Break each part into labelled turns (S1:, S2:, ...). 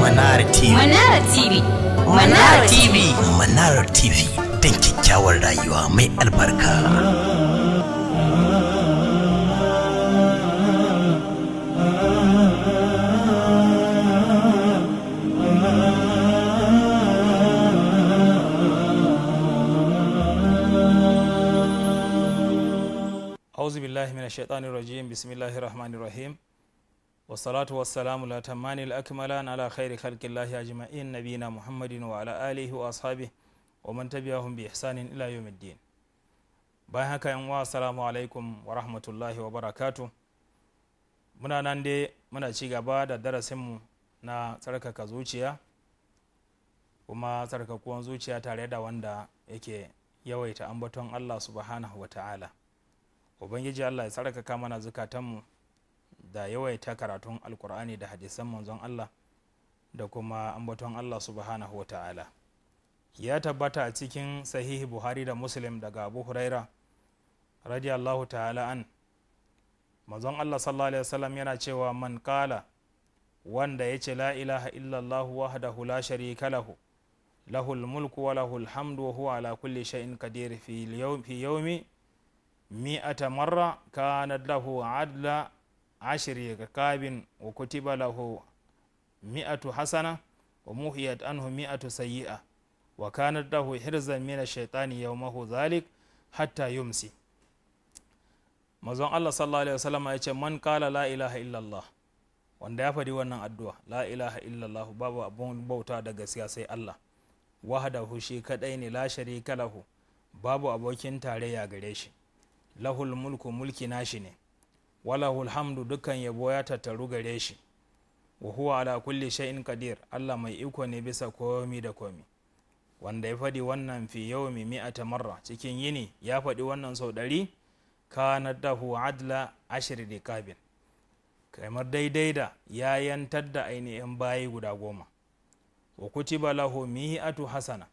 S1: Manara TV. Manara TV. Manara TV. Manara TV. Don kyakkyawar rayuwa mai albarka. أعوذ بالله من الشيطان الرجيم بسم الله الرحمن الرحيم wasalatu wasalamu la tamani al'akmala na ala khairi khalqin lahi ajma'in nabina muhammadin wa ala alihi wa ashabi wa man tabi'ahum bi ihsanin ila bayan haka yan wa assalamu alaikum wa rahmatullahi wa barakatu muna nan dai muna ci gaba da darasinmu na tsarkaka zuciya kuma tsarkakuwan zuciya tare da wanda yake yawaita ambaton allah subhanahu wa ta'ala ubangiji allah ya tsarkaka mana zukatanmu da yawaita karatun alkur'ani da hadisan manzon Allah da kuma ambaton Allah subhanahu wa ta'ala ya tabbata a cikin sahihi buhari da muslim daga abu huraira radiyallahu ta'ala an manzon Allah sallallahu alaihi wasallam yana cewa man kala wanda ya ce la ilaha illallah wahdahu la sharika lahu lahul mulku wa lahul hamdu wa huwa ala kulli shay'in qadir fi yawmi mi'ata marra kanat lahu adla ashiri kabin wa kutiba lahu mi'atu hasana wa muhiyat anhu mi'atu sayyi'a wa kanat lahu hirzan min ash-shaytani yawmahu zalik hatta yumsi mazan Allah sallallahu alaihi wasallam ya ce man kala la ilaha illallah wanda ya fari wannan addu'a la ilaha illallah babu abun bauta da siya sai Allah wahdahu shi kadai ne la sharika lahu babu abokin tarayya gare shi lahul mulku mulki nashi ne walahul hamdu dukkan yabo ya tattaru gare shi wa huwa ala kulli shay'in kadir. Allah mai iko ne bisa komi da komi wanda ya faɗi wannan fi yawmi mi'ata marra cikin yini ya faɗi wannan sau ɗari kana dahu adla ashri riqabin kamar daidai da ya yantar da ainihin bayi guda goma wa kutiba lahu mi'atu hasana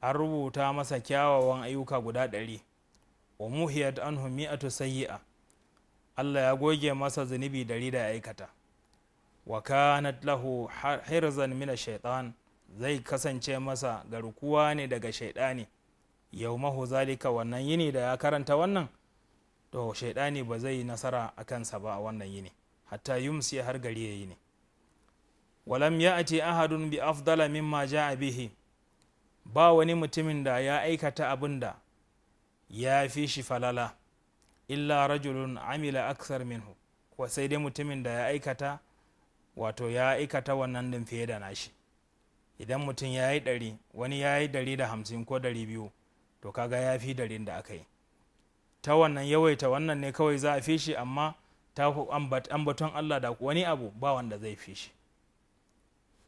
S1: an rubuta masa kyawawan ayyuka guda ɗari wa muhiyat anhu mi'atu sayyi'a allah ya goge masa zunubi dari da aikata wa kanat lahu hirzan mina shaitan zai kasance masa garkuwa ne daga shaidani yaumahu zalika wannan yini da ya karanta wannan to shaidani ba zai nasara a kansa ba a wannan yini hatta yumsi har gari ya yi ne walam ya ati ahadun bi afdala mimma ja'a bihi ba wani mutumin da ya aikata abin da ya fi shi falala illa rajulun amila aksar minhu wa sai dai mutumin da ya aikata wato ya aikata wannan din fiye da nashi idan mutum ya yi ɗari wani ya yi ɗari da hamsin ko ɗari biyu to kaga ya fi ɗarin da aka yi ta wannan yawaita wannan ne kawai za a fi shi amma ta ambaton allah da wani abu ba wanda zai fi shi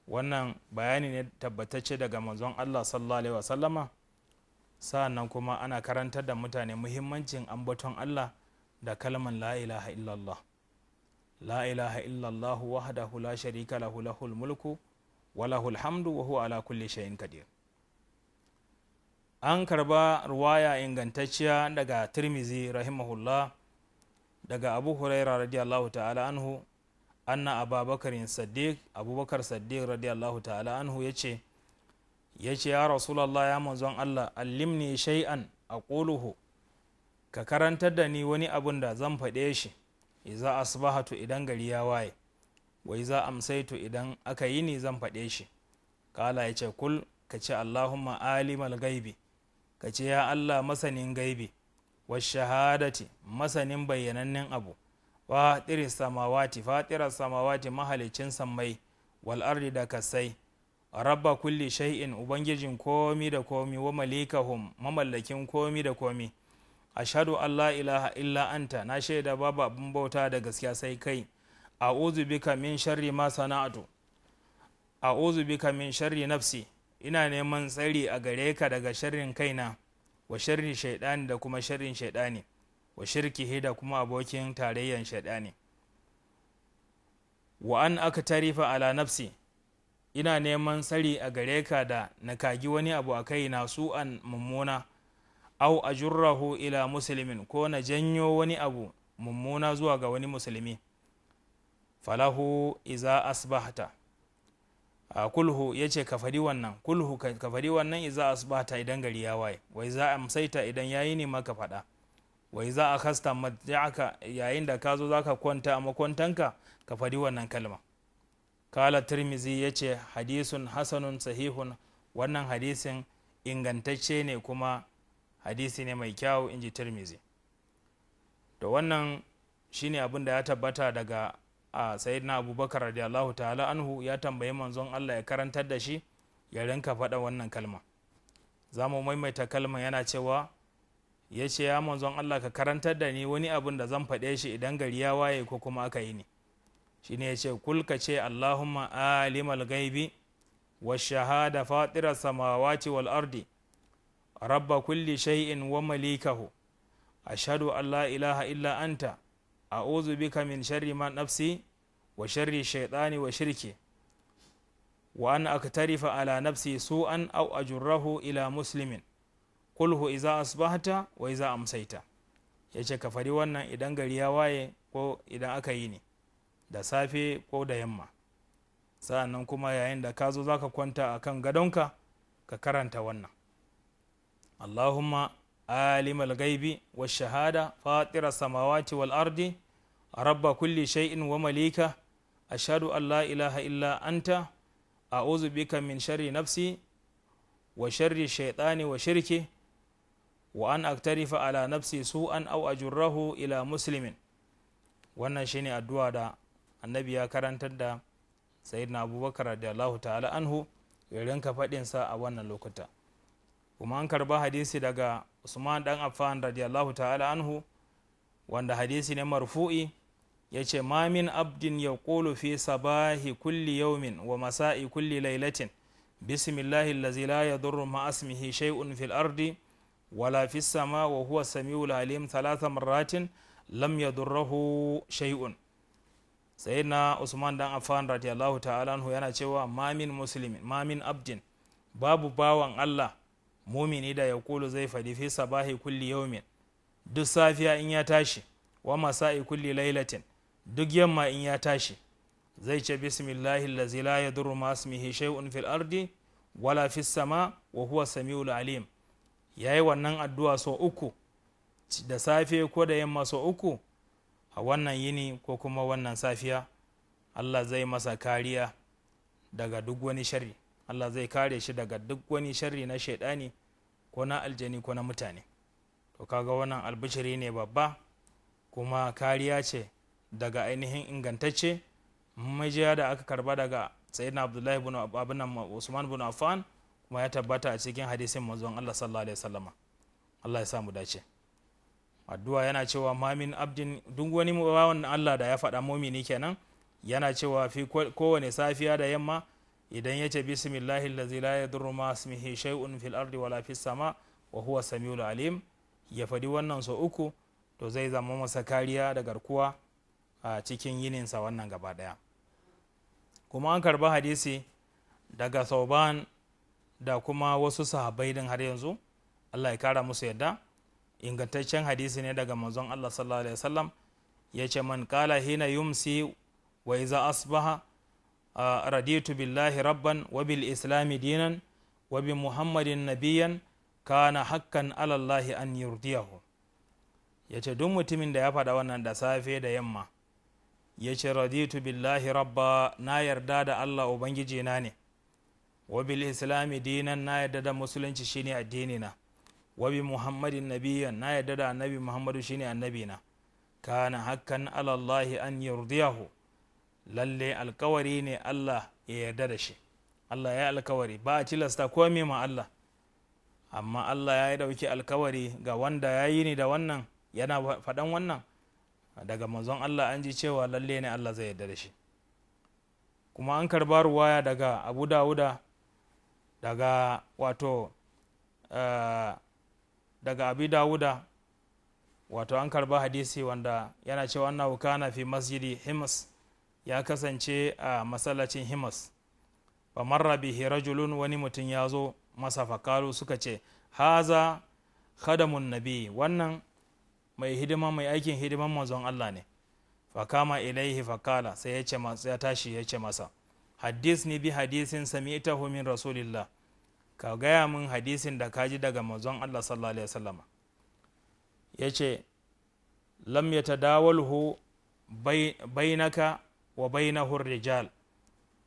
S1: wannan bayani ne tabbatacce daga manzon allah sallallahu alaihi wasallama nan kuma ana karantar da mutane muhimmancin ambaton Allah da kalman la ilaha illallah la ilaha illallah wahdahu la sharika lahu lahul mulku wa lahul hamdu wa huwa ala kulli shay'in qadir an karba ruwaya ingantacciya daga tirmizi rahimahullah daga abu huraira radiyallahu ta'ala anhu anna ababakarin saddiq abubakar saddiq radiyallahu ta'ala anhu ya ce ya ce ya rasulallah ya manzon allah allimni shay'an a ƙuluhu ka karantar da ni wani abun da zan faɗe shi iza asbahatu idan gari ya waye wai za amsaitu idan aka yi ni zan faɗe shi kala ya ce kul ka ce allahumma alimal gaibi ka ce ya allah masanin gaibi wa shahadati masanin bayyanannen abu fatirar samawati fatirar samawati mahalicin sammai wal ardi da kasai rabba kulli shay'in ubangijin komi da komi wa malikahum mamallakin komi da komi ashadu allah ilaha illa anta na shaida babu abin bauta da gaskiya sai kai a'udhu bika min sharri ma sana'atu a'udhu bika min sharri nafsi ina neman tsari a gare ka daga sharrin kaina wa sharri shaidani da kuma sharrin shaidani wa shirkihi da kuma abokin tarayyan shaidani wa an aka tarifa ala nafsi ina neman sari a gare ka da na kagi wani abu a kai na su'an mummuna au a jurrahu ila musulmin ko na janyo wani abu mummuna zuwa ga wani musulmi falahu iza asbahta a kulhu ya ce ka wannan kulhu ka wannan iza asbahta idan gari ya waye wai za a musaita idan yayi ne maka fada wai za a kasta yayin da ka zo za ka kwanta a makwantanka ka fadi wannan kalma kala tirmizi ya ce hadisun hasanun sahihun wannan hadisin ingantacce ne kuma hadisi ne mai kyau in ji tirmizi da wannan shine abin da ya tabbata daga a na abubakar radiyallahu ta'ala anhu ya tambayi manzon allah ya karantar da shi ya rinka faɗa wannan kalma za mu maimaita kalma yana cewa ya ce ya manzon allah ka karantar da ni wani abin da zan faɗe shi idan gari ya waye ko kuma aka yi ne shine ya ce kulka ce allahumma alimal gaibi wa shahada fatirar samawati wal ardi rabba kulli shay'in wa malikahu ashhadu an la ilaha illa anta a'udhu bika min sharri ma nafsi wa sharri shaytani wa shirki wa an aktarifa ala nafsi su'an aw ajurrahu ila muslimin kulhu iza asbahta wa iza amsaita yace ka fari wannan idan gari ya waye ko idan aka yi ne da safe ko da yamma sa'annan kuma yayin da ka zo za ka kwanta a kan gadonka ka karanta wannan allahumma alimal gaibi wa shahada fatira samawati wal ardi rabba kulli shay'in wa malika ashadu an la ilaha illa anta a'udhu bika min sharri nafsi wa sharri shaytani wa shirki wa an aktarifa ala nafsi au a ajurrahu ila muslimin wannan shine addu'a da annabi ya karantar da sayyidina abubakar radiyallahu ta'ala anhu ya rinka faɗinsa a wannan lokuta kuma an karba hadisi daga usman dan affan radiyallahu ta'ala anhu wanda hadisi ne marfu'i ya ce mamin abdin ya ƙolo fi sabahi kulli yaumin wa masa'i kulli lailatin bismillahi allazi la yadurru ma asmihi shay'un fil ardi wala fis sama wa huwa samiul alim thalatha marratin lam yadurruhu shaiun. sai na usman dan afan radiyallahu ta'ala anhu yana cewa mamin mamin abdin babu bawan allah mumini da ya kulu zai fadi fi sabahi kulli yaumin duk safiya in ya tashi wa masa'i kulli lailatin duk yamma in ya tashi zai ce bismillahi allazi la yadurru ma ismihi shay'un fil ardi wala fis sama wa huwa samiul alim yayi wannan addu'a sau uku da safe ko da yamma sau uku a wannan yini ko kuma wannan safiya allah zai masa kariya daga duk wani sharri allah zai kare shi daga duk wani sharri na shaidani ko na aljani ko na mutane to kaga wannan albishiri ne babba kuma kariya ce daga ainihin ingantacce majiya da aka karba daga sayyidina abdullahi bin abin usman bin affan kuma ya tabbata a cikin hadisin manzon allah sallallahu alaihi wasallama allah ya samu dace addu'a yana cewa mamin abdin duk wani bawan Allah da ya faɗa mumini kenan yana cewa fi kowane safiya da yamma idan ya ce bismillahi allazi la yadurru ma ismihi shay'un fil ardi wala fis sama wa huwa samiul alim ya faɗi wannan sau uku to zai zama masa kariya da garkuwa a cikin yininsa wannan gaba daya. kuma an karba hadisi daga sauban da kuma wasu sahabbai din har yanzu allah ya kara musu yadda ingantaccen hadisi ne daga manzon Allah sallallahu alaihi wasallam ya ce man kala hina yumsi wa iza asbaha raditu billahi rabban wa bil islami dinan wa bi muhammadin nabiyan kana hakkan alallahi an yurdiyahu ya ce duk mutumin da ya faɗa wannan da safe da yamma ya ce raditu billahi rabba na yarda da allah ubangiji na ne wa bil islami dinan na yarda da musulunci shine addini na wabi muhammadin nabiyan na yarda da annabi muhammadu shine annabi na kana hakan alallahi an yardiyahu lalle alkawari ne allah ya yarda da shi allah ya alkawari ba a cilasta komai ma allah amma allah ya yi dauki alkawari ga wanda ya yi ni da wannan yana faɗan wannan daga manzon allah an ji cewa lalle ne allah zai yarda da shi kuma an karba ruwaya daga abu dawuda daga wato eh, daga abi dawuda wato an karba hadisi wanda yana cewa annahu kana fi masjidi himas ya kasance a masallacin himas ba marra bihi rajulun wani mutum ya zo masa fakalu suka ce haza khadamun nabi wannan mai hidima mai aikin hidiman manzon Allah ne fakama ilaihi fakala sai ya tashi ya ce masa hadis ni bi hadisin sami ita min rasulillah ka gaya min hadisin da ka ji daga mazon Allah sallallahu alaihi wasallama ya ce lam ya tadawalhu bainaka wa bainahu rijal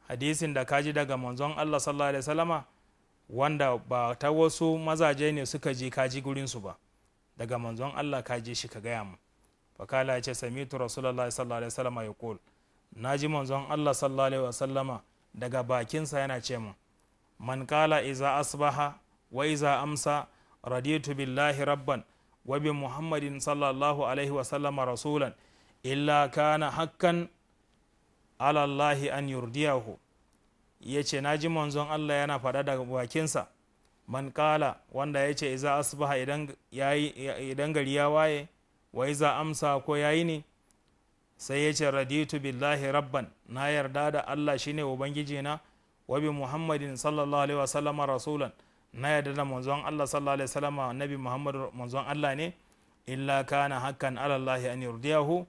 S1: hadisin da ka ji daga manzon Allah sallallahu alaihi wasallama wanda ba ta wasu mazaje ne suka ji kaji gurinsu ba daga manzon Allah ka ji shi ka gaya mu fakala ya ce samitu rasulullah sallallahu alaihi wasallama ya kul na ji manzon Allah sallallahu alaihi wasallama daga bakinsa yana ce mun man kala iza asbaha wa iza amsa raditu billahi rabban wa bi muhammadin sallallahu alaihi wa sallama rasulan illa kana hakkan alallahi an yurdiyahu yace na ji manzon allah yana faɗa da bakinsa man kala wanda ya ce iza asbaha idan gari ya waye wa iza amsa ko yayi ne sai yace ce raditu billahi rabban na yarda da allah shine ubangiji na wa bi muhammadin sallallahu alaihi wasallam rasulan na yarda da manzon Allah sallallahu alaihi wasallam nabi muhammad manzon Allah ne illa kana hakan alallahi an yurdiyahu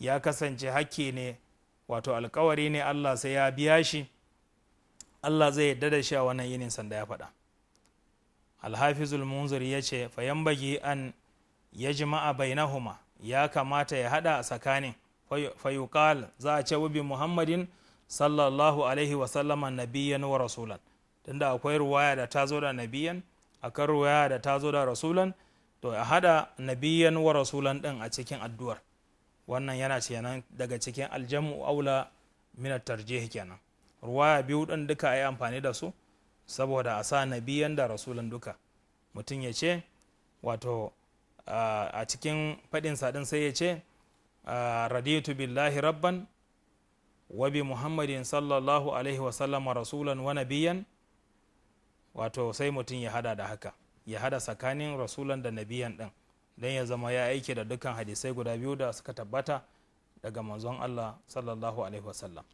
S1: ya kasance hakki ne wato alkawari ne Allah sai ya biya shi Allah zai yarda da shi a wannan yinin sanda ya faɗa alhafizul munzir ya ce fayan an ya jima'a bainahuma ya kamata ya haɗa a tsakanin fayuqal za a ce bi muhammadin sallallahu alaihi wasallama nabiyan wa rasulan tunda akwai ruwaya da ta zo da nabiyan akan ruwaya da ta zo da rasulan to a hada nabiyan wa rasulan din a cikin addu'ar wannan yana kenan daga cikin aljamu aula min tarjih kenan ruwaya biyu din duka ayi amfani da su saboda a sa nabiyan da rasulan duka mutum ya ce wato a cikin faɗin sadin sai ya ce raditu billahi rabban wabi muhammadin sallallahu alaihi wasallama rasulan wa nabiyan wato sai mutum ya hada da haka ya hada tsakanin rasulan da nabiyan din don ya zama ya aiki da dukkan hadisai guda biyu da suka tabbata daga manzon allah sallallahu alaihi wasallam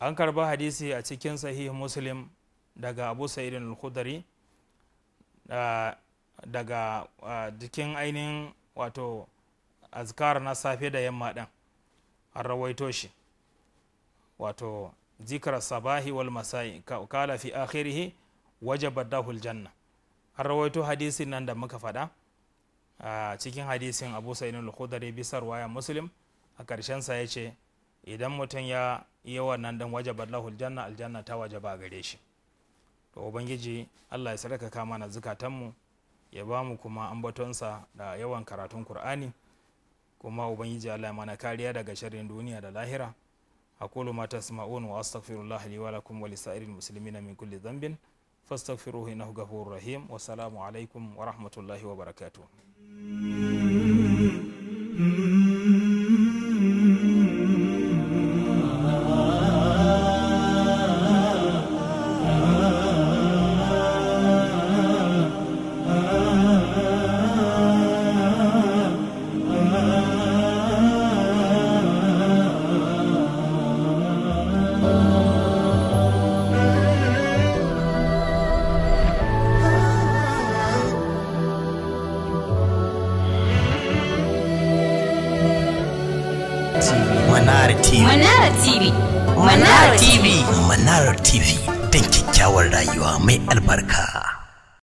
S1: an karba hadisi a cikin sahih muslim daga abu sa'idin al-khudari daga jikin ainihin wato azkar na safe da yamma din an rawaito shi wato zikar sabahi wal masai kala fi akhirihi wajaba dahul janna an rawaito hadisin nan da muka faɗa a cikin hadisin abu sa'in al-khudari bisar waya muslim a karshen sa yace idan mutum ya yi wannan dan wajaba dahul janna aljanna ta wajaba gare shi to ubangiji Allah ya sadaka mana zukatanmu ya ba mu kuma ambatonsa da yawan karatun Kur'ani kuma ubangiji Allah ya mana kariya daga sharrin duniya da lahira أقول ما تسمعون وأستغفر الله لي ولكم ولسائر المسلمين من كل ذنب فاستغفروه إنه غفور رحيم والسلام عليكم ورحمة الله وبركاته Mm-hmm. Nara tv don kyakkyawar rayuwa mai albarka